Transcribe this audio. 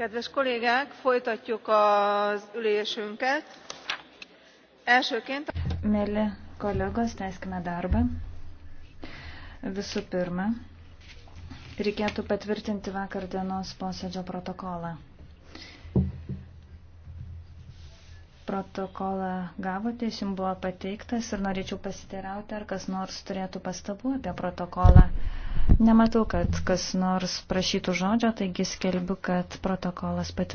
kedves kollégák folytatjuk az ülésünket elsőként Mėly kolegos, tęskime darbą. Visų pirma, reikėtų patvirtinti vakar dienos posėdžio protokolą. Protokolą gavote, jis jums buvo pateiktas ir norėčiau pasiteirauti, ar kas nors turėtų pastabų apie protokolą. Nematau, kad kas nors prašytų žodžio, taigi skelbiu, kad protokolas patvirtintas.